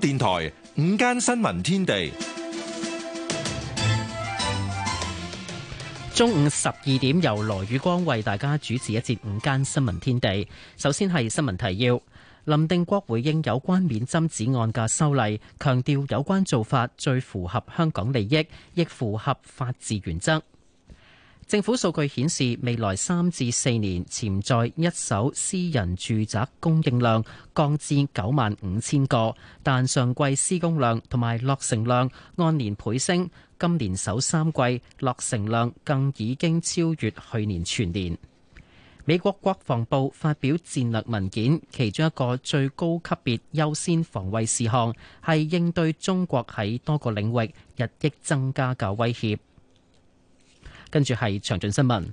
電台午間新聞天地，中午十二點由羅宇光為大家主持一節午間新聞天地。首先係新聞提要：林定國回應有關免針紙案嘅修例，強調有關做法最符合香港利益，亦符合法治原則。政府數據顯示，未來三至四年潛在一手私人住宅供應量降至九萬五千個，但上季施工量同埋落成量按年倍升，今年首三季落成量更已經超越去年全年。美國國防部發表戰略文件，其中一個最高級別優先防衛事項係應對中國喺多個領域日益增加嘅威脅。跟住係詳盡新聞，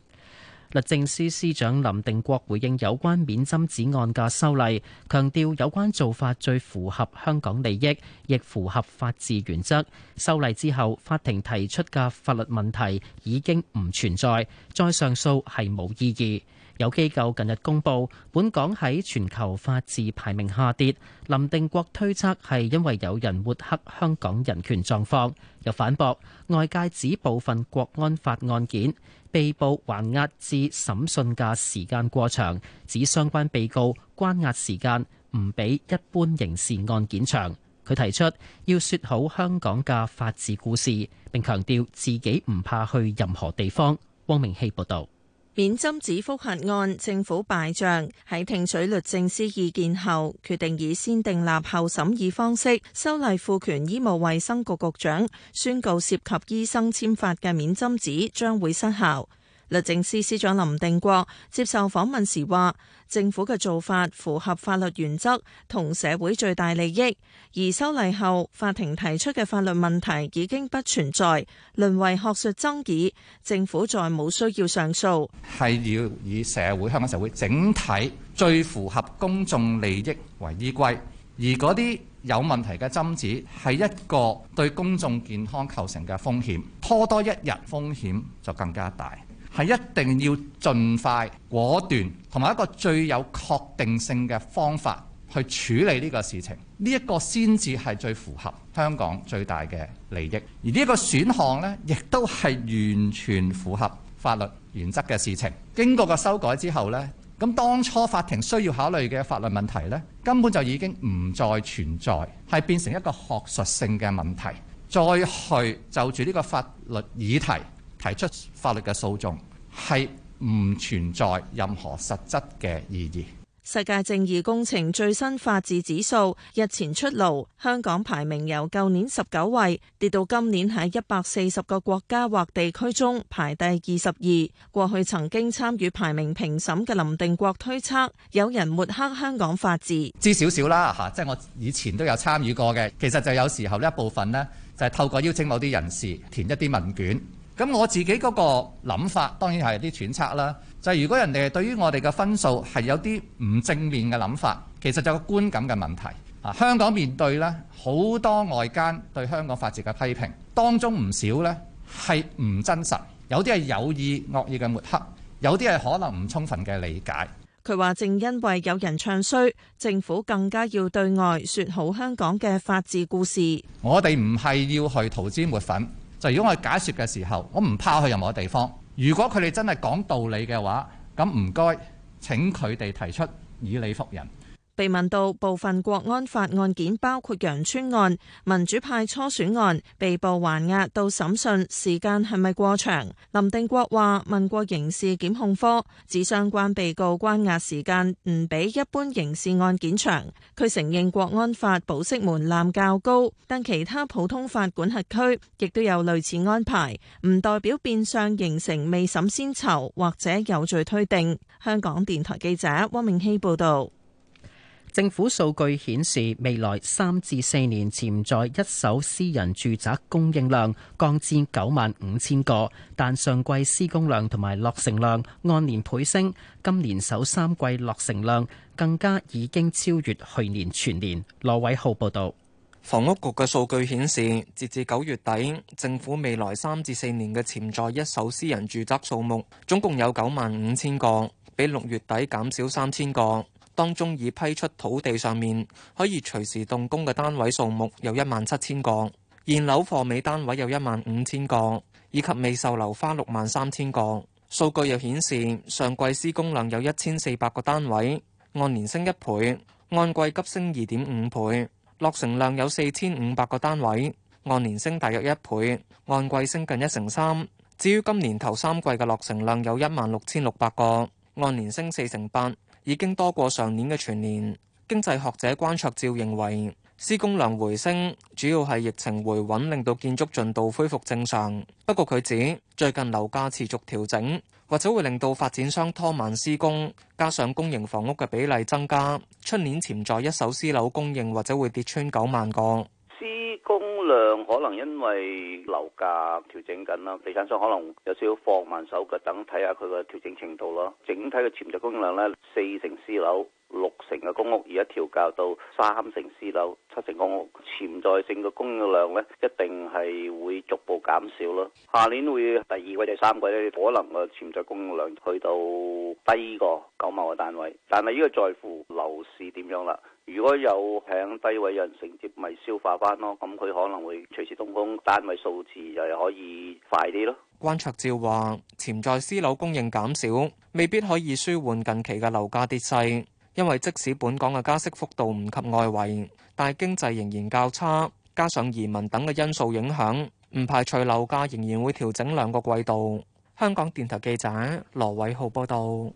律政司司長林定國回應有關免針紙案嘅修例，強調有關做法最符合香港利益，亦符合法治原則。修例之後，法庭提出嘅法律問題已經唔存在，再上訴係冇意義。有機構近日公布，本港喺全球法治排名下跌。林定國推測係因為有人抹黑香港人權狀況，又反駁外界指部分國安法案件被捕還押至審訊嘅時間過長，指相關被告關押時間唔比一般刑事案件長。佢提出要説好香港嘅法治故事，並強調自己唔怕去任何地方。汪明熙報導。免針紙覆核案政府敗仗，喺聽取律政司意見後，決定以先訂立後審議方式，修例賦權醫務衛生局局長宣告涉及醫生簽發嘅免針紙將會失效。律政司司長林定國接受訪問時話，政府嘅做法符合法律原則同社會最大利益。而修例後，法庭提出嘅法律問題已經不存在，淪為學術爭議。政府再冇需要上訴，係要以社會香港社會整體最符合公眾利益為依歸。而嗰啲有問題嘅針紙，係一個對公眾健康構成嘅風險，拖多一日，風險就更加大。係一定要盡快、果斷同埋一個最有確定性嘅方法去處理呢個事情，呢一個先至係最符合香港最大嘅利益。而呢一個選項呢，亦都係完全符合法律原則嘅事情。經過個修改之後呢，咁當初法庭需要考慮嘅法律問題呢，根本就已經唔再存在，係變成一個學術性嘅問題，再去就住呢個法律議題，提出法律嘅訴訟係唔存在任何實質嘅意義。世界正義工程最新法治指數日前出爐，香港排名由舊年十九位跌到今年喺一百四十個國家或地區中排第二十二。過去曾經參與排名評審嘅林定國推測，有人抹黑香港法治。知少少啦嚇，即係我以前都有參與過嘅。其實就有時候呢一部分呢，就係透過邀請某啲人士填一啲問卷。咁我自己嗰個諗法當然係啲揣測啦，就係如果人哋係對於我哋嘅分數係有啲唔正面嘅諗法，其實就有個觀感嘅問題。啊，香港面對咧好多外間對香港法治嘅批評，當中唔少呢係唔真實，有啲係有意惡意嘅抹黑，有啲係可能唔充分嘅理解。佢話：正因為有人唱衰，政府更加要對外説好香港嘅法治故事。我哋唔係要去塗脂抹粉。就如果我解説嘅時候，我唔怕去任何地方。如果佢哋真係講道理嘅話，咁唔該請佢哋提出以理服人。被問到部分國安法案件，包括羊村案、民主派初選案，被捕還押到審訊時間係咪過長？林定國話：問過刑事檢控科，指相關被告關押時間唔比一般刑事案件長。佢承認國安法保釋門檻較高，但其他普通法管轄區亦都有類似安排，唔代表變相形成未審先囚或者有罪推定。香港電台記者汪明熙報導。政府數據顯示，未來三至四年潛在一手私人住宅供應量降至九萬五千個，但上季施工量同埋落成量按年倍升，今年首三季落成量更加已經超越去年全年。羅偉浩報導，房屋局嘅數據顯示，截至九月底，政府未來三至四年嘅潛在一手私人住宅數目總共有九萬五千個，比六月底減少三千個。當中已批出土地上面可以隨時動工嘅單位數目有一萬七千個，現樓貨尾單位有一萬五千個，以及未售樓花六萬三千個。數據又顯示，上季施工量有一千四百個單位，按年升一倍，按季急升二點五倍。落成量有四千五百個單位，按年升大約一倍，按季升近一成三。至於今年頭三季嘅落成量有一萬六千六百個，按年升四成八。已經多過上年嘅全年。經濟學者關卓照認為，施工量回升主要係疫情回穩，令到建築進度恢復正常。不過佢指，最近樓價持續調整，或者會令到發展商拖慢施工，加上公營房屋嘅比例增加，出年潛在一手私樓供應或者會跌穿九萬個。啲供量可能因為樓價調整緊啦，地產商可能有少少放慢手腳，等睇下佢個調整程度咯。整體嘅潛力供量咧，四成私樓。六成嘅公屋，而家調校到三成私樓七成公屋，潛在性嘅供應量咧一定係會逐步減少咯。下年會第二季第三季咧，可能個潛在供應量去到低過九萬個單位，但係呢個在乎樓市點樣啦。如果有響低位人承接，咪消化翻咯。咁佢可能會隨時通風單位數字就可以快啲咯。關卓照話：潛在私樓供應減少，未必可以舒緩近期嘅樓價跌勢。因為即使本港嘅加息幅度唔及外圍，但係經濟仍然較差，加上移民等嘅因素影響，唔排除樓價仍然會調整兩個季度。香港電台記者羅偉浩報道。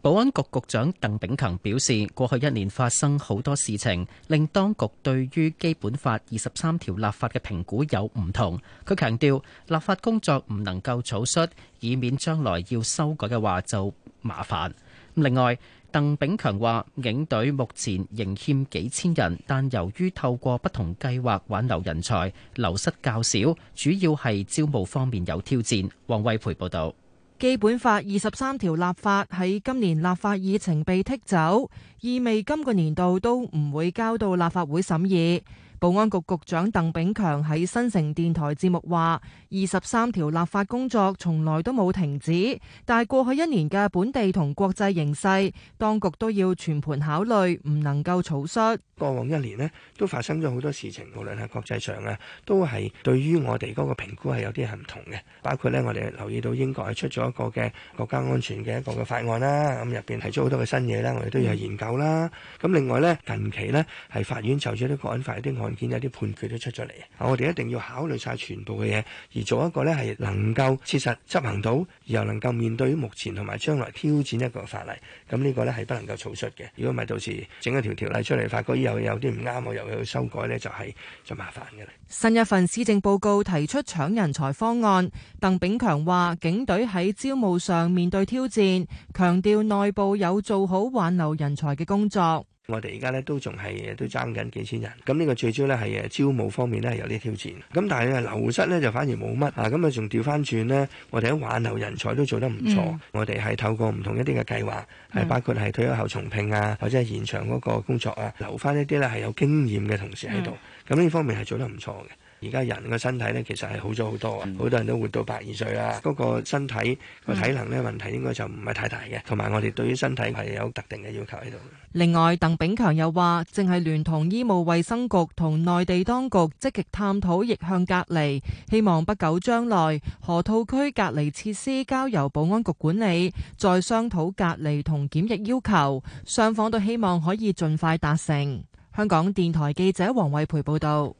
保安局局長鄧炳強表示，過去一年發生好多事情，令當局對於基本法二十三條立法嘅評估有唔同。佢強調，立法工作唔能夠草率，以免將來要修改嘅話就麻煩，另外，鄧炳強話，警隊目前仍欠幾千人，但由於透過不同計劃挽留人才，流失較少，主要係招募方面有挑戰。王惠培報道，《基本法》二十三條立法喺今年立法議程被剔走，意味今個年度都唔會交到立法會審議。保安局局長鄧炳強喺新城電台節目話，二十三條立法工作從來都冇停止，但係過去一年嘅本地同國際形勢，當局都要全盤考慮，唔能夠草率。過往一年咧，都發生咗好多事情，無論係國際上啊，都係對於我哋嗰個評估係有啲係唔同嘅。包括咧，我哋留意到英國係出咗一個嘅國家安全嘅一個嘅法案啦，咁入邊提出好多嘅新嘢啦，我哋都要去研究啦。咁、啊、另外咧，近期咧係法院就住啲國安法嘅案。案件有啲判決都出咗嚟，我哋一定要考慮晒全部嘅嘢，而做一個咧係能夠切實執行到，又能夠面對目前同埋將來挑戰一個法例。咁呢個咧係不能夠草率嘅。如果唔係到時整一條條例出嚟，發覺又有啲唔啱，我又要修改咧，就係就麻煩嘅啦。新一份施政報告提出搶人才方案，鄧炳強話警隊喺招募上面對挑戰，強調內部有做好挽留人才嘅工作。我哋而家咧都仲係都爭緊幾千人，咁呢個最主要咧係誒招募方面咧係有啲挑戰，咁但係流失咧就反而冇乜啊，咁啊仲調翻轉咧，我哋喺挽留人才都做得唔錯，嗯、我哋係透過唔同一啲嘅計劃，係、嗯、包括係退休後重聘啊，或者係延長嗰個工作啊，留翻一啲咧係有經驗嘅同事喺度，咁呢、嗯、方面係做得唔錯嘅。而家人嘅身體咧，其實係好咗好多啊！好、嗯、多人都活到百二歲啦，嗰、嗯、個身體個體能咧問題應該就唔係太大嘅。同埋、嗯、我哋對於身體係有特定嘅要求喺度。另外，鄧炳強又話，正係聯同醫務衛生局同內地當局積極探討逆，逆向隔離，希望不久將來河套區隔離設施交由保安局管理，再商討隔離同檢疫要求。雙方都希望可以盡快達成。香港電台記者黃惠培報道。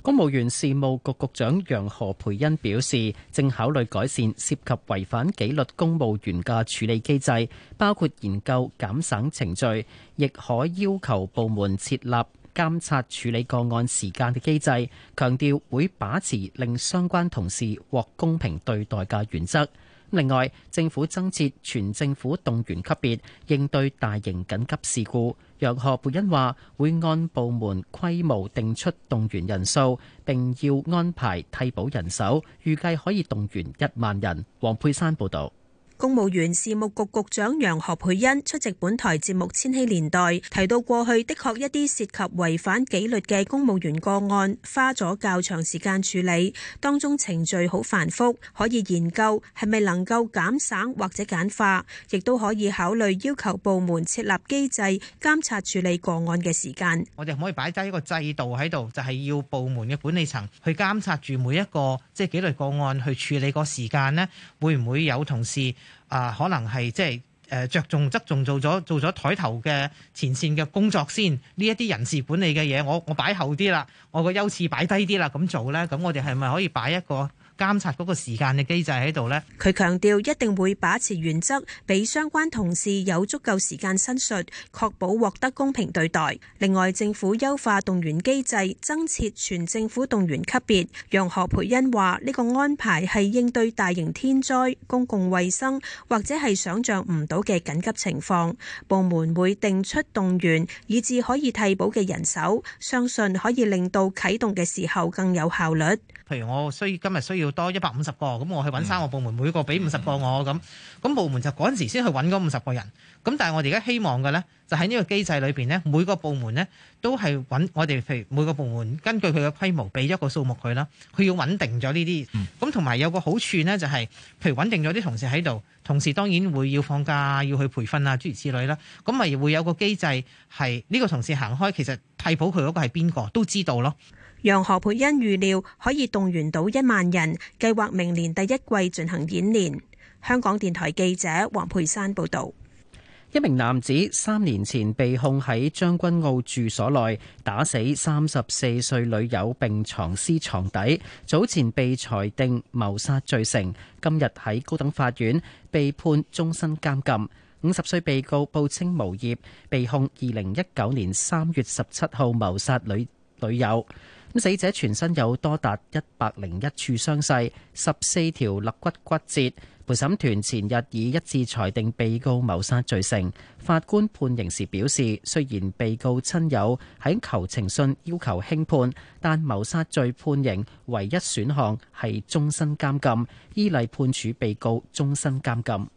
公務員事務局局長楊何蓓茵表示，正考慮改善涉及違反紀律公務員嘅處理機制，包括研究減省程序，亦可要求部門設立監察處理個案時間嘅機制，強調會把持令相關同事獲公平對待嘅原則。另外，政府增設全政府動員級別，應對大型緊急事故。若何培恩話，會按部門規模定出動員人數，並要安排替補人手，預計可以動員一萬人。黃佩珊報道。公務員事務局局長楊何蓓茵出席本台節目《千禧年代》，提到過去的確一啲涉及違反紀律嘅公務員個案，花咗較長時間處理，當中程序好繁複，可以研究係咪能夠減省或者簡化，亦都可以考慮要求部門設立機制監察處理個案嘅時間。我哋唔可以擺低一個制度喺度，就係、是、要部門嘅管理層去監察住每一個即係紀律個案去處理個時間呢，會唔會有同事？啊，可能係即係誒、呃、着重側重做咗做咗台頭嘅前線嘅工作先，呢一啲人事管理嘅嘢，我我擺後啲啦，我個優次擺低啲啦，咁做咧，咁我哋係咪可以擺一個？監察嗰個時間嘅機制喺度咧，佢強調一定會把持原則，俾相關同事有足夠時間申述，確保獲得公平對待。另外，政府優化動員機制，增設全政府動員級別，楊何蓓茵話呢個安排係應對大型天災、公共衛生或者係想象唔到嘅緊急情況，部門會定出動員以至可以替補嘅人手，相信可以令到啟動嘅時候更有效率。譬如我需今日需要。多一百五十個，咁我去揾三個部門，每個俾五十個我咁，咁部門就嗰陣時先去揾嗰五十個人。咁但係我哋而家希望嘅呢，就喺呢個機制裏邊呢，每個部門呢都係穩。我哋譬如每個部門根據佢嘅規模，俾一個數目佢啦。佢要穩定咗呢啲，咁同埋有個好處呢，就係譬如穩定咗啲同事喺度，同事當然會要放假，要去培訓啊、諸如此類啦。咁咪會有個機制係呢個同事行開，其實替補佢嗰個係邊個都知道咯。楊何培恩預料可以動員到一萬人，計劃明年第一季進行演練。香港電台記者黃培山報道：一名男子三年前被控喺將軍澳住所內打死三十四歲女友，並藏屍床底，早前被裁定謀殺罪成，今日喺高等法院被判終身監禁。五十歲被告報稱無業，被控二零一九年三月十七號謀殺女女友。死者全身有多達一百零一處傷勢，十四條肋骨骨折。陪審團前日已一致裁定被告謀殺罪成。法官判刑時表示，雖然被告親友喺求情信要求輕判，但謀殺罪判刑唯一選項係終身監禁，依例判處被告終身監禁。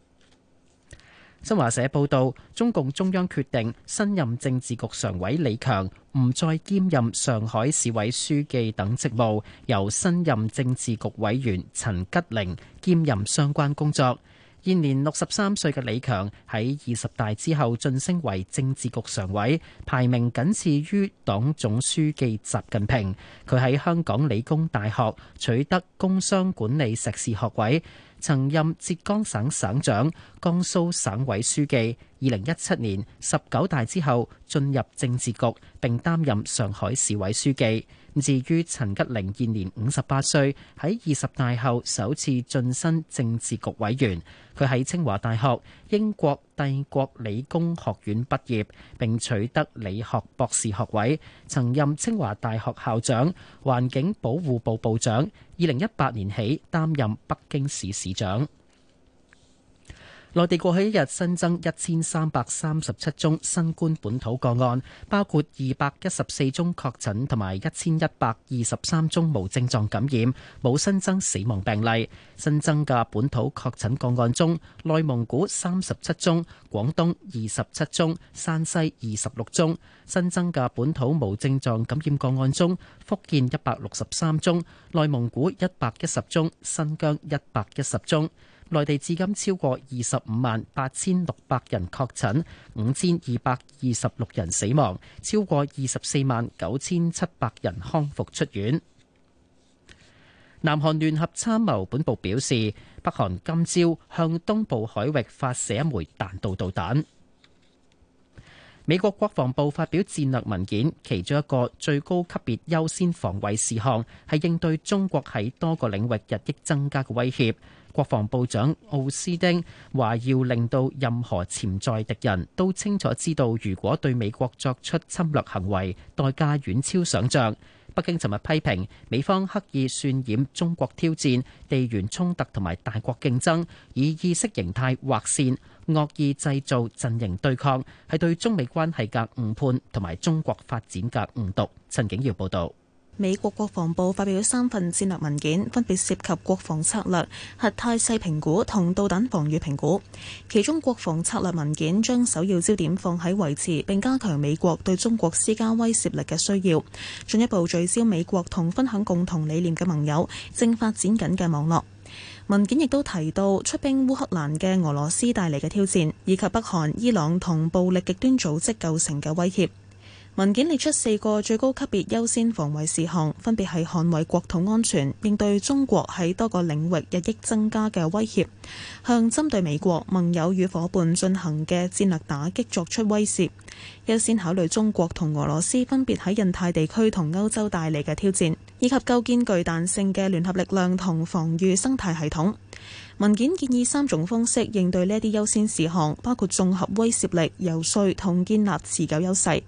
新華社報道，中共中央決定，新任政治局常委李強唔再兼任上海市委書記等職務，由新任政治局委員陳吉寧兼任相關工作。現年六十三歲嘅李強喺二十大之後晉升為政治局常委，排名僅次於黨總書記習近平。佢喺香港理工大學取得工商管理碩士學位。曾任浙江省省長、江蘇省委書記，二零一七年十九大之後進入政治局，並擔任上海市委書記。至於陳吉寧，現年五十八歲，喺二十大後首次晉身政治局委員。佢喺清華大學、英國帝國理工學院畢業，並取得理學博士學位。曾任清華大學校長、環境保護部部長。二零一八年起擔任北京市市長。內地過去一日新增一千三百三十七宗新冠本土個案，包括二百一十四宗確診同埋一千一百二十三宗無症狀感染，冇新增死亡病例。新增嘅本土確診個案中，內蒙古三十七宗，廣東二十七宗，山西二十六宗。新增嘅本土無症狀感染個案中，福建一百六十三宗，內蒙古一百一十宗，新疆一百一十宗。內地至今超過二十五萬八千六百人確診，五千二百二十六人死亡，超過二十四萬九千七百人康復出院。南韓聯合參謀本部表示，北韓今朝向東部海域發射一枚彈道導彈。美國國防部發表戰略文件，其中一個最高級別優先防衛事項係應對中國喺多個領域日益增加嘅威脅。國防部長奧斯丁話：要令到任何潛在敵人都清楚知道，如果對美國作出侵略行為，代價遠超想像。北京尋日批評美方刻意渲染中國挑戰、地緣衝突同埋大國競爭，以意識形態劃線，惡意製造陣營對抗，係對中美關係嘅誤判同埋中國發展嘅誤讀。陳景耀報導。美國國防部發表咗三份戰略文件，分別涉及國防策略、核態勢評估同導彈防禦評估。其中，國防策略文件將首要焦點放喺維持並加強美國對中國施加威懾力嘅需要，進一步聚焦美國同分享共同理念嘅盟友正發展緊嘅網絡。文件亦都提到出兵烏克蘭嘅俄羅斯帶嚟嘅挑戰，以及北韓、伊朗同暴力極端組織構成嘅威脅。文件列出四個最高級別優先防衛事項，分別係捍衛國土安全、應對中國喺多個領域日益增加嘅威脅、向針對美國盟友與伙伴進行嘅戰略打擊作出威懾、優先考慮中國同俄羅斯分別喺印太地區同歐洲帶嚟嘅挑戰，以及構建具彈性嘅聯合力量同防禦生態系統。文件建議三種方式應對呢啲優先事項，包括綜合威懾力、遊説同建立持久優勢。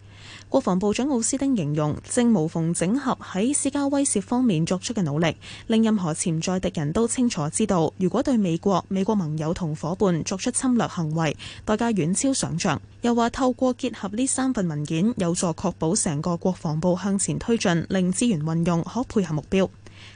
國防部長奧斯丁形容正無縫整合喺施加威懾方面作出嘅努力，令任何潛在敵人都清楚知道，如果對美國、美國盟友同伙伴作出侵略行為，代價遠超想象。又話透過結合呢三份文件，有助確保成個國防部向前推進，令資源運用可配合目標。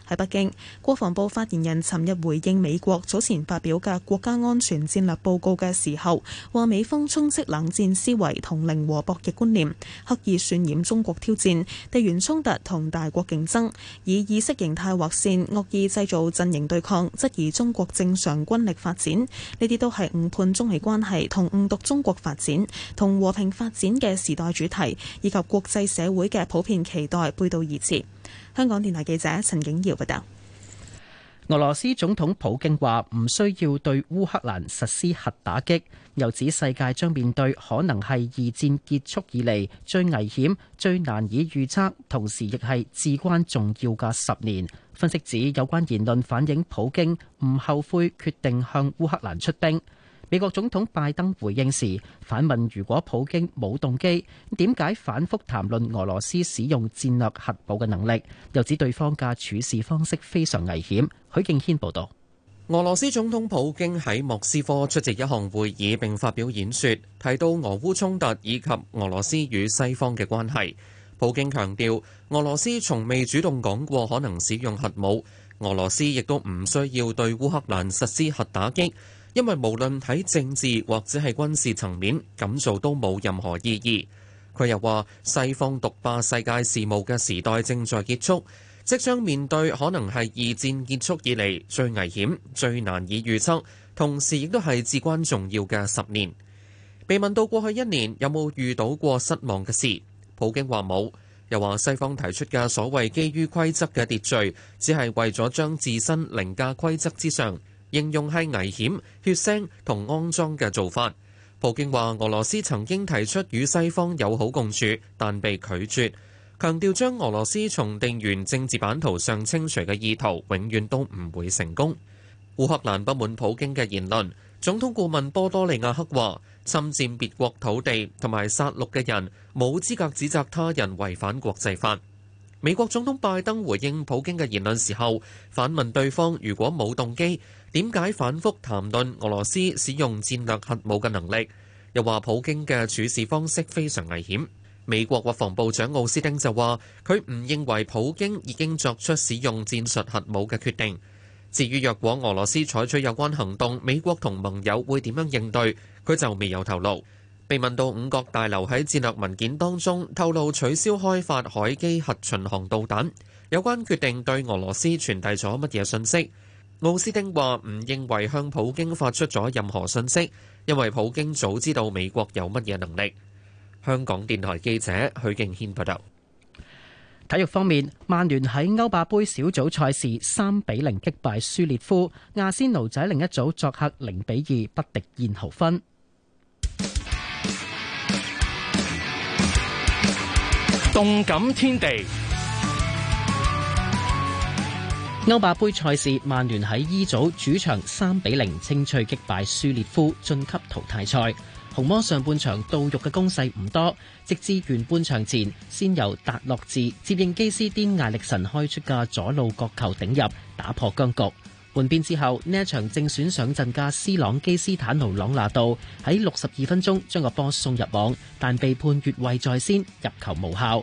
喺北京，國防部發言人尋日回應美國早前發表嘅國家安全戰略報告嘅時候，話美方充斥冷戰思維同零和博弈觀念，刻意渲染中國挑戰地緣衝突同大國競爭，以意識形態劃線，惡意製造陣營對抗，質疑中國正常軍力發展，呢啲都係誤判中美關係同誤讀中國發展同和，和平發展嘅時代主題以及國際社會嘅普遍期待背道而馳。香港電台記者陳景耀報道，俄羅斯總統普京話唔需要對烏克蘭實施核打擊，又指世界將面對可能係二戰結束以嚟最危險、最難以預測，同時亦係至關重要嘅十年。分析指有關言論反映普京唔後悔決定向烏克蘭出兵。美國總統拜登回應時反問：如果普京冇動機，點解反復談論俄羅斯使用戰略核武嘅能力？又指對方嘅處事方式非常危險。許敬軒報道：俄羅斯總統普京喺莫斯科出席一項會議，並發表演說，提到俄烏衝突以及俄羅斯與西方嘅關係。普京強調，俄羅斯從未主動講過可能使用核武，俄羅斯亦都唔需要對烏克蘭實施核打擊。因為無論喺政治或者係軍事層面，咁做都冇任何意義。佢又話，西方獨霸世界事務嘅時代正在結束，即將面對可能係二戰結束以嚟最危險、最難以預測，同時亦都係至關重要嘅十年。被問到過去一年有冇遇到過失望嘅事，普京話冇，又話西方提出嘅所謂基於規則嘅秩序，只係為咗將自身凌駕規則之上。應用係危險、血腥同骯髒嘅做法。普京話：俄羅斯曾經提出與西方友好共處，但被拒絕。強調將俄羅斯從地緣政治版圖上清除嘅意圖，永遠都唔會成功。烏克蘭不滿普京嘅言論，總統顧問波多利亞克話：侵佔別國土地同埋殺戮嘅人，冇資格指責他人違反國際法。美國總統拜登回應普京嘅言論時候，反問對方：如果冇動機？點解反覆談論俄羅斯使用戰略核武嘅能力，又話普京嘅處事方式非常危險？美國國防部長奧斯汀就話：佢唔認為普京已經作出使用戰術核武嘅決定。至於若果俄羅斯採取有關行動，美國同盟友會點樣應對？佢就未有透露。被問到五角大樓喺戰略文件當中透露取消開發海基核巡航導彈，有關決定對俄羅斯傳遞咗乜嘢信息？奧斯汀話唔認為向普京發出咗任何信息，因為普京早知道美國有乜嘢能力。香港電台記者許敬軒報道。體育方面，曼聯喺歐霸杯小組賽事三比零擊敗舒列夫，亞仙奴仔另一組作客零比二不敵燕豪芬。動感天地。歐霸杯賽事，曼聯喺 E 組主場三比零清脆擊敗舒列夫，晉級淘汰賽。紅魔上半場到肉嘅攻勢唔多，直至完半場前，先由達洛治接應基斯顛艾力神開出嘅左路角球頂入，打破僵局。換邊之後，呢場正選上陣嘅斯朗基斯坦奴朗拿度喺六十二分鐘將個波送入網，但被判越位在先，入球無效。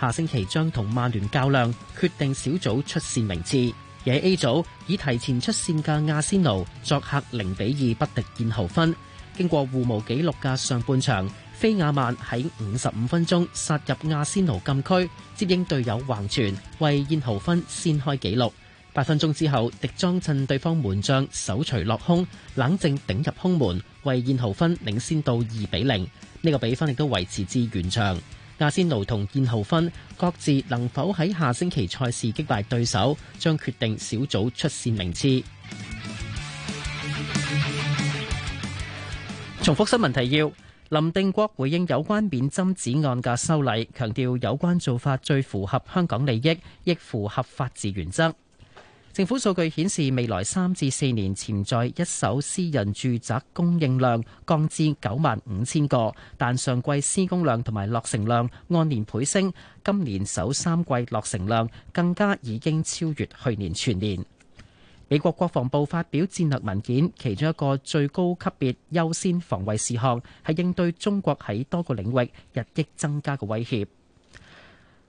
下星期將同曼聯較量，決定小組出線名次。而喺 A 組已提前出線嘅亞仙奴作客0比2不敵燕豪芬。經過互無紀錄嘅上半場，菲亞曼喺五十五分鐘殺入亞仙奴禁區，接應隊友橫傳，為燕豪芬先開紀錄。八分鐘之後，迪莊趁對方門將手槌落空，冷靜頂入空門，為燕豪芬領先到二比零。呢個比分亦都維持至完場。阿仙奴同燕豪芬各自能否喺下星期賽事擊敗對手，將決定小組出線名次。重複新聞提要：林定國回應有關免針紙案嘅修例，強調有關做法最符合香港利益，亦符合法治原則。政府數據顯示，未來三至四年潛在一手私人住宅供應量降至九萬五千個，但上季施工量同埋落成量按年倍升，今年首三季落成量更加已經超越去年全年。美國國防部發表戰略文件，其中一個最高級別優先防衛事項，係應對中國喺多個領域日益增加嘅威脅。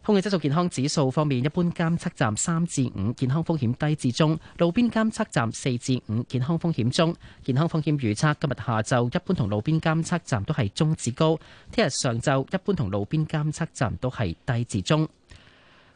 空氣質素健康指數方面，一般監測站三至五，健康風險低至中；路邊監測站四至五，健康風險中。健康風險預測今日下晝一般同路邊監測站都係中至高，聽日上晝一般同路邊監測站都係低至中。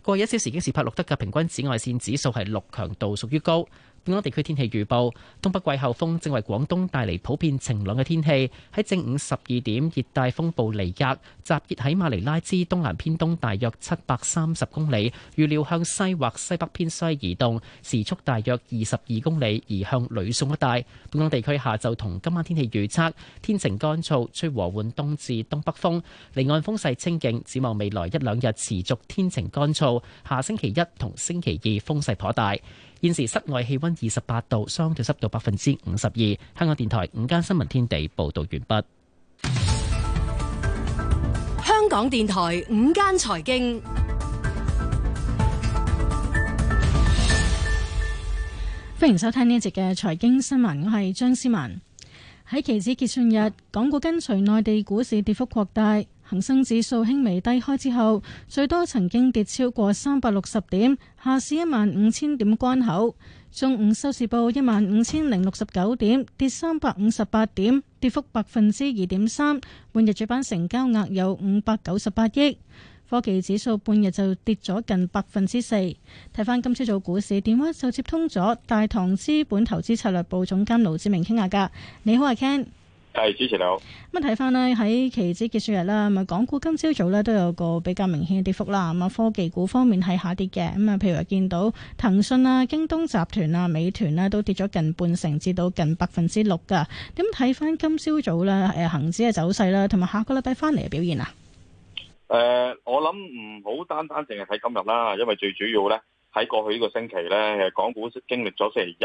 過去一小時已經攝錄得嘅平均紫外線指數係六，強度屬於高。本港地區天氣預報：東北季候風正為廣東帶嚟普遍晴朗嘅天氣。喺正午十二點，熱帶風暴尼格集結喺馬尼拉之東南偏東大約七百三十公里，預料向西或西北偏西移動，時速大約二十二公里移，移向呂宋一帶。本港地區下晝同今晚天氣預測：天晴乾燥，吹和緩東至東北風，離岸風勢清勁。展望未來一兩日持續天晴乾燥，下星期一同星期二風勢頗大。現時室外氣溫二十八度，相對濕度百分之五十二。香港電台午間新聞天地報道完畢。香港電台午間財經，歡迎收聽呢一節嘅財經新聞，我係張思文。喺期指結算日，港股跟隨內地股市跌幅擴大。恒生指數輕微低開之後，最多曾經跌超過三百六十點，下市一萬五千點關口。中午收市報一萬五千零六十九點，跌三百五十八點，跌幅百分之二點三。半日主板成交額有五百九十八億。科技指數半日就跌咗近百分之四。睇返今朝早股市，電話就接通咗大唐資本投資策略部總監盧志明傾下偈。你好，阿 Ken。係主持你好。咁啊，睇翻呢，喺期指結算日啦，咪港股今朝早咧都有個比較明顯嘅跌幅啦。咁啊，科技股方面係下跌嘅。咁啊，譬如話見到騰訊啊、京東集團啊、美團啦，都跌咗近半成至近，至到近百分之六噶。點睇翻今朝早咧？誒，恆指嘅走勢啦，同埋下個禮拜翻嚟嘅表現啊？誒、呃，我諗唔好單單淨係睇今日啦，因為最主要咧喺過去呢個星期咧，港股經歷咗星期一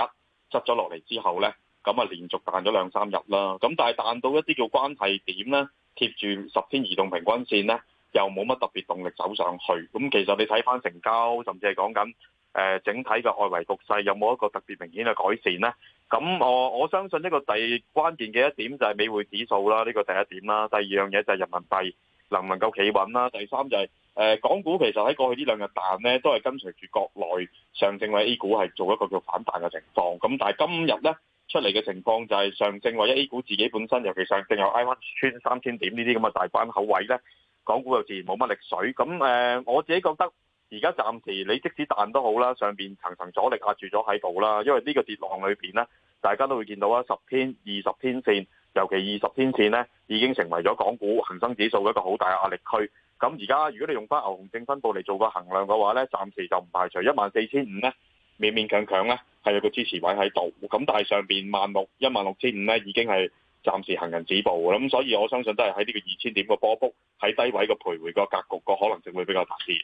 執咗落嚟之後咧。咁啊，連續彈咗兩三日啦，咁但係彈到一啲叫關係點呢，貼住十天移動平均線呢，又冇乜特別動力走上去。咁其實你睇返成交，甚至係講緊誒、呃、整體嘅外圍局勢，有冇一個特別明顯嘅改善呢？咁我、呃、我相信呢個第關鍵嘅一點就係美匯指數啦，呢、這個第一點啦。第二樣嘢就係人民幣能唔能夠企穩啦。第三就係、是呃、港股其實喺過去呢兩日彈呢，都係跟隨住國內上證位 A 股係做一個叫反彈嘅情況。咁但係今日呢。出嚟嘅情況就係上證或者 A 股自己本身，尤其上證由挨翻穿三千點呢啲咁嘅大關口位呢，港股又自然冇乜力水。咁誒、呃，我自己覺得而家暫時你即使彈都好啦，上邊層層阻力壓住咗喺度啦。因為呢個跌浪裏邊呢，大家都會見到啊，十天、二十天線，尤其二十天線呢，已經成為咗港股恒生指數一個好大嘅壓力區。咁而家如果你用翻牛熊證分佈嚟做個衡量嘅話呢，暫時就唔排除一萬四千五呢。勉勉強強咧，係有個支持位喺度。咁但係上邊萬六一萬六千五咧，已經係暫時行人止步嘅咁，所以我相信都係喺呢個二千點個波幅喺低位個徘徊個格局、個可能性會比較大啲、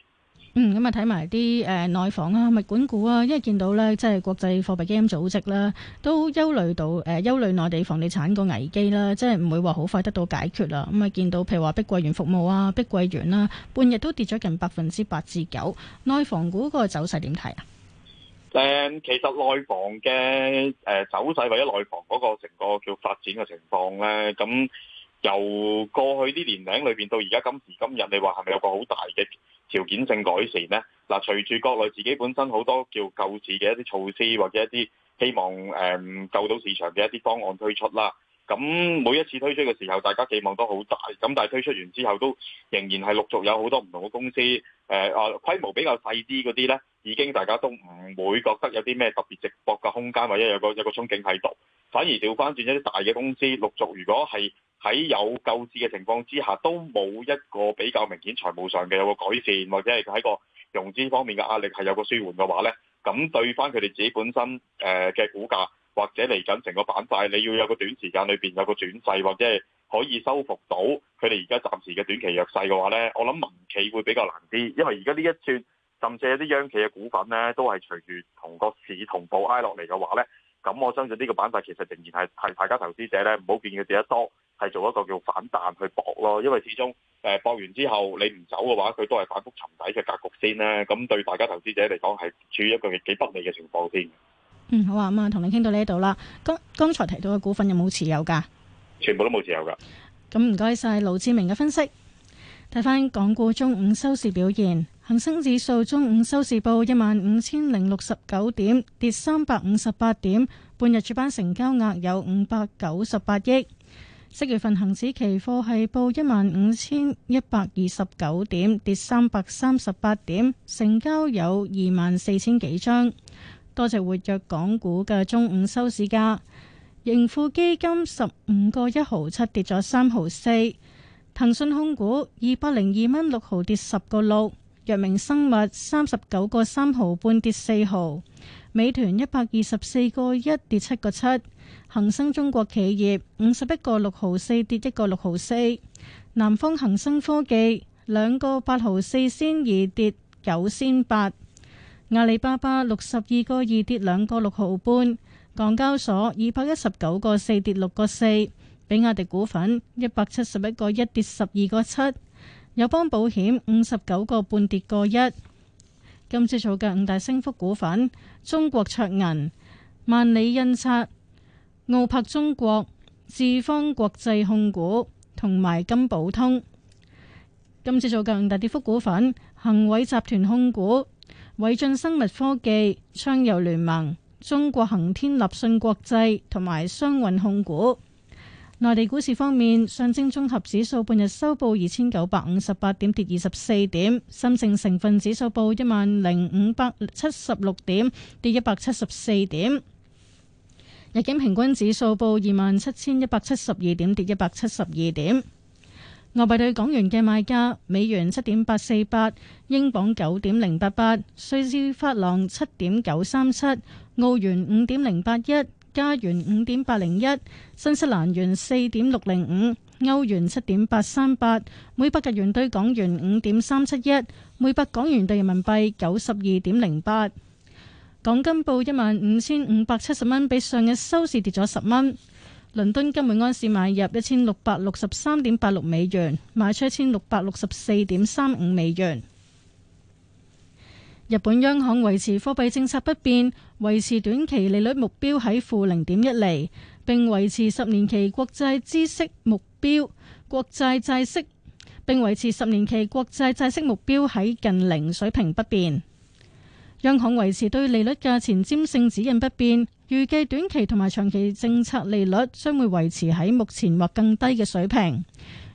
嗯。嗯，咁啊，睇埋啲誒內房啊、物管股啊，因為見到咧，即、就、係、是、國際貨幣基金組織啦、啊，都憂慮到誒、呃、憂慮內地房地產個危機啦、啊，即係唔會話好快得到解決啦、啊。咁、嗯、啊，見到譬如話碧桂園服務啊、碧桂園啦、啊，半日都跌咗近百分之八至九。內房股個走勢點睇啊？誒，其實內房嘅誒走勢或者內房嗰個成個叫發展嘅情況呢，咁由過去啲年零裏邊到而家今時今日，你話係咪有個好大嘅條件性改善呢？嗱，隨住國內自己本身好多叫救市嘅一啲措施或者一啲希望誒救到市場嘅一啲方案推出啦。咁每一次推出嘅時候，大家寄望都好大。咁但係推出完之後，都仍然係陸續有好多唔同嘅公司，誒、呃、啊，規模比較細啲嗰啲咧，已經大家都唔會覺得有啲咩特別值博嘅空間或者有個有個憧憬喺度。反而調翻轉一啲大嘅公司，陸續如果係喺有救市嘅情況之下，都冇一個比較明顯財務上嘅有個改善，或者係喺個融資方面嘅壓力係有個舒緩嘅話咧，咁對翻佢哋自己本身誒嘅、呃、股價。或者嚟緊成個板塊，你要有個短時間裏邊有個轉勢，或者係可以收復到佢哋而家暫時嘅短期弱勢嘅話呢，我諗民企會比較難啲，因為而家呢一轉甚至一啲央企嘅股份呢，都係隨住同個市同步挨落嚟嘅話呢，咁我相信呢個板塊其實仍然係係大家投資者呢，唔好見佢跌得多，係做一個叫反彈去搏咯，因為始終誒搏完之後你唔走嘅話，佢都係反覆沉底嘅格局先咧，咁對大家投資者嚟講係處於一個幾不利嘅情況先。嗯，好啊，咁啊，同你傾到呢一度啦。剛剛才提到嘅股份有冇持有㗎？全部都冇持有㗎。咁唔該晒，盧志明嘅分析。睇返港股中午收市表現，恒生指數中午收市報一萬五千零六十九點，跌三百五十八點，半日主板成交額有五百九十八億。七月份恒指期貨係報一萬五千一百二十九點，跌三百三十八點，成交有二萬四千幾張。多隻活躍港股嘅中午收市價，盈富基金十五個一毫七跌咗三毫四，騰訊控股二百零二蚊六毫跌十個六，藥明生物三十九個三毫半跌四毫，美團一百二十四個一跌七個七，恒生中國企業五十一個六毫四跌一個六毫四，南方恒生科技兩個八毫四先二跌九先八。阿里巴巴六十二個二跌兩個六毫半，港交所二百一十九個四跌六個四，比亞迪股份一百七十一個一跌十二個七，友邦保險五十九個半跌個一。今次做嘅五大升幅股份：中國卓銀、萬里印刷、奧柏中國、智方國際控股同埋金寶通。今次做嘅五大跌幅股份：恒偉集團控股、偉進生物科技、昌游聯盟、中國恒天立信國際同埋商運控股。內地股市方面，上證綜合指數半日收報二千九百五十八點，跌二十四點；深證成分指數報一萬零五百七十六點，跌一百七十四點；日經平均指數報二萬七千一百七十二點，跌一百七十二點。外幣對港元嘅賣價：美元七點八四八，英鎊九點零八八，瑞士法郎七點九三七，澳元五點零八一，加元五點八零一，新西蘭元四點六零五，歐元七點八三八，每百日元對港元五點三七一，每百港元對人民幣九十二點零八。港金報一萬五千五百七十蚊，比上日收市跌咗十蚊。倫敦金每安士買入一千六百六十三點八六美元，賣出一千六百六十四點三五美元。日本央行維持貨幣政策不變，維持短期利率目標喺負零點一厘，并維持十年期國債孳息目標、國債債息，并維持十年期國債債息目標喺近零水平不變。央行維持對利率嘅前瞻性指引不變。預計短期同埋長期政策利率將會維持喺目前或更低嘅水平。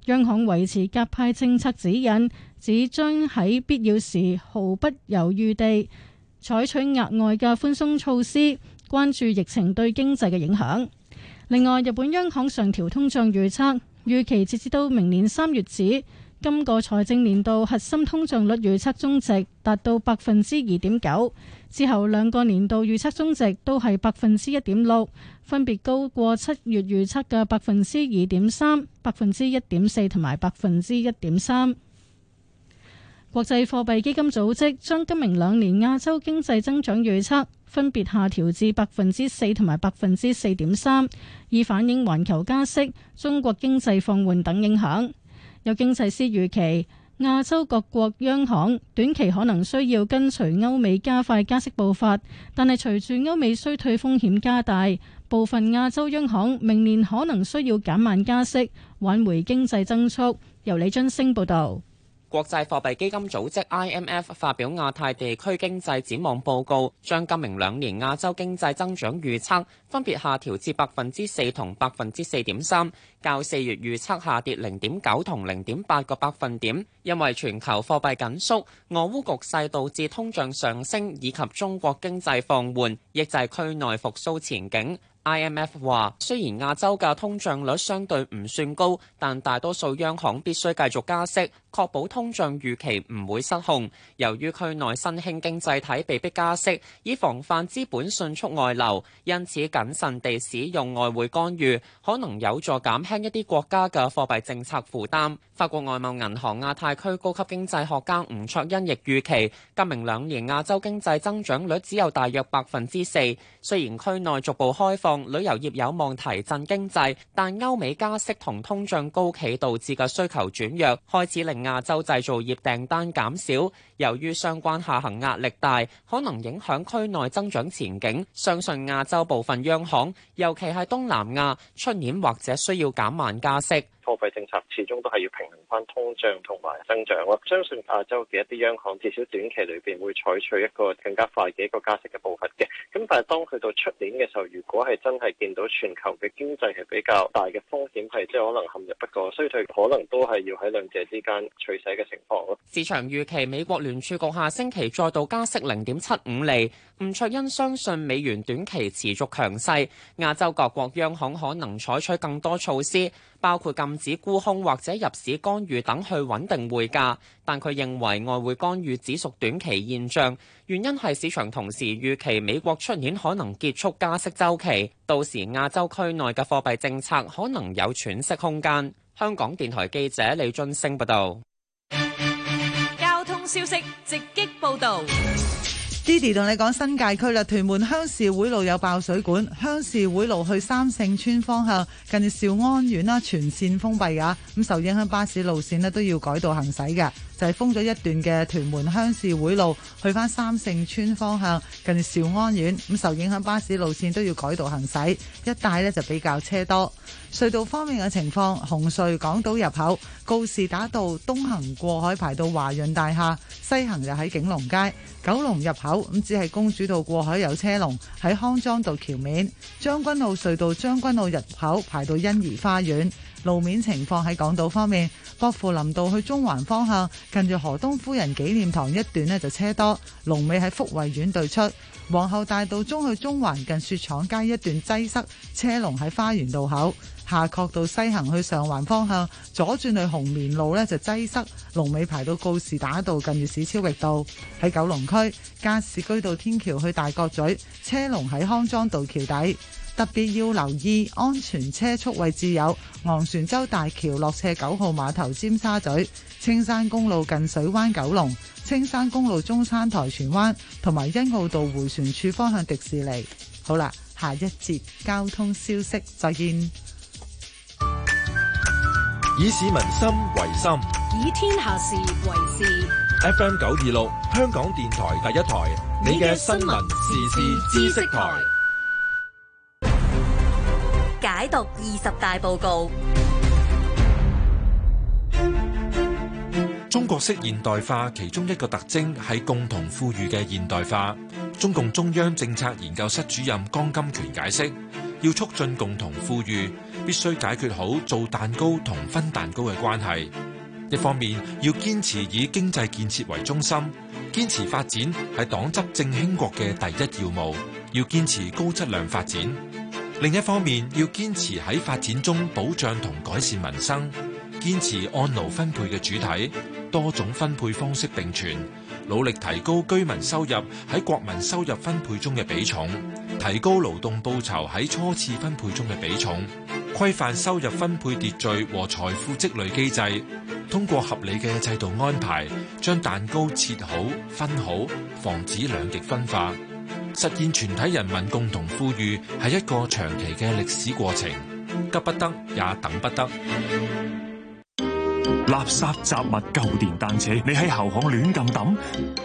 央行維持鴿派政策指引，只將喺必要時毫不猶豫地採取額外嘅寬鬆措施，關注疫情對經濟嘅影響。另外，日本央行上調通脹預測，預期截止到明年三月止。今個財政年度核心通脹率預測中值達到百分之二點九，之後兩個年度預測中值都係百分之一點六，分別高過七月預測嘅百分之二點三、百分之一點四同埋百分之一點三。國際貨幣基金組織將今明兩年亞洲經濟增長預測分別下調至百分之四同埋百分之四點三，以反映環球加息、中國經濟放緩等影響。有經濟師預期，亞洲各國央行短期可能需要跟隨歐美加快加息步伐，但係隨住歐美衰退風險加大，部分亞洲央行明年可能需要減慢加息，挽回經濟增速。由李津升報導。國際貨幣基金組織 （IMF） 發表亞太地區經濟展望報告，將今明兩年亞洲經濟增長預測分別下調至百分之四同百分之四點三，較四月預測下跌零點九同零點八個百分點，因為全球貨幣緊縮、俄烏局勢導致通脹上升以及中國經濟放緩，抑制區內復甦前景。IMF 話，雖然亞洲嘅通脹率相對唔算高，但大多數央行必須繼續加息，確保通脹預期唔會失控。由於區內新興經濟體被迫加息，以防範資本迅速外流，因此謹慎地使用外匯干預，可能有助減輕一啲國家嘅貨幣政策負擔。法國外貿銀行亞太區高級經濟學家吳卓恩亦預期，今明兩年亞洲經濟增長率只有大約百分之四，雖然區內逐步開放。旅遊業有望提振經濟，但歐美加息同通脹高企導致嘅需求轉弱，開始令亞洲製造業訂單減少。由於相關下行壓力大，可能影響區內增長前景。相信亞洲部分央行，尤其係東南亞，出年或者需要減慢加息。貨幣政策始終都係要平衡翻通脹同埋增長，我、哦、相信亞洲嘅一啲央行至少短期裏邊會採取一個更加快嘅一個加息嘅步伐嘅。咁但係當去到出年嘅時候，如果係真係見到全球嘅經濟係比較大嘅風險，係即係可能陷入不過，所以佢可能都係要喺兩者之間取捨嘅情況咯。市場預期美國聯儲局下星期再度加息零點七五厘。吳卓恩相信美元短期持續強勢，亞洲各國央行可能採取更多措施，包括禁止沽空或者入市干預等去穩定匯價。但佢認為外匯干預只屬短期現象，原因係市場同時預期美國出年可能結束加息週期，到時亞洲區內嘅貨幣政策可能有喘息空間。香港電台記者李俊升報道。交通消息直擊報道。Didi 同你講新界區啦，屯門鄉事會路有爆水管，鄉事會路去三聖村方向近兆安苑啦，全線封閉噶，咁受影響巴士路線咧都要改道行駛嘅。就封咗一段嘅屯門鄉事會路，去翻三聖村方向近兆安苑。咁受影響巴士路線都要改道行駛，一帶呢，就比較車多。隧道方面嘅情況，紅隧港島入口、告士打道東行過海排到華潤大廈，西行又喺景隆街。九龍入口咁只係公主道過海有車龍，喺康莊道橋面、將軍澳隧道、將軍澳入口排到欣怡花園。路面情況喺港島方面，薄扶林道去中環方向，近住河東夫人紀念堂一段呢就車多；龍尾喺福慧苑對出；皇后大道中去中環近雪廠街一段擠塞，車龍喺花園道口；夏慤道西行去上環方向，左轉去紅棉路呢就擠塞，龍尾排到告士打道近住史超域道；喺九龍區，加士居道天橋去大角咀，車龍喺康莊道橋底。特別要留意安全車速位置，有昂船洲大橋落斜九號碼頭、尖沙咀青山公路近水灣九龍、青山公路中山台荃灣同埋欣澳道回旋處方向迪士尼。好啦，下一節交通消息再見。以市民心為心，以天下事為事。FM 九二六，26，香港電台第一台，你嘅新聞時事知識台。解讀二十大報告，中國式現代化其中一個特徵係共同富裕嘅現代化。中共中央政策研究室主任江金權解釋：要促進共同富裕，必須解決好做蛋糕同分蛋糕嘅關係。一方面要堅持以經濟建設為中心，堅持發展係黨執政興國嘅第一要務，要堅持高質量發展。另一方面，要堅持喺發展中保障同改善民生，堅持按勞分配嘅主體，多種分配方式並存，努力提高居民收入喺國民收入分配中嘅比重，提高勞動報酬喺初次分配中嘅比重，規範收入分配秩序和財富積累機制，通過合理嘅制度安排，將蛋糕切好分好，防止兩極分化。實現全體人民共同富裕係一個長期嘅歷史過程，急不得，也等不得。垃圾雜物、舊電單車，你喺後巷亂咁抌，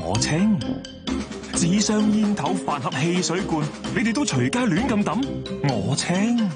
我清。紙箱、煙頭、飯盒、汽水罐，你哋都隨街亂咁抌，我清。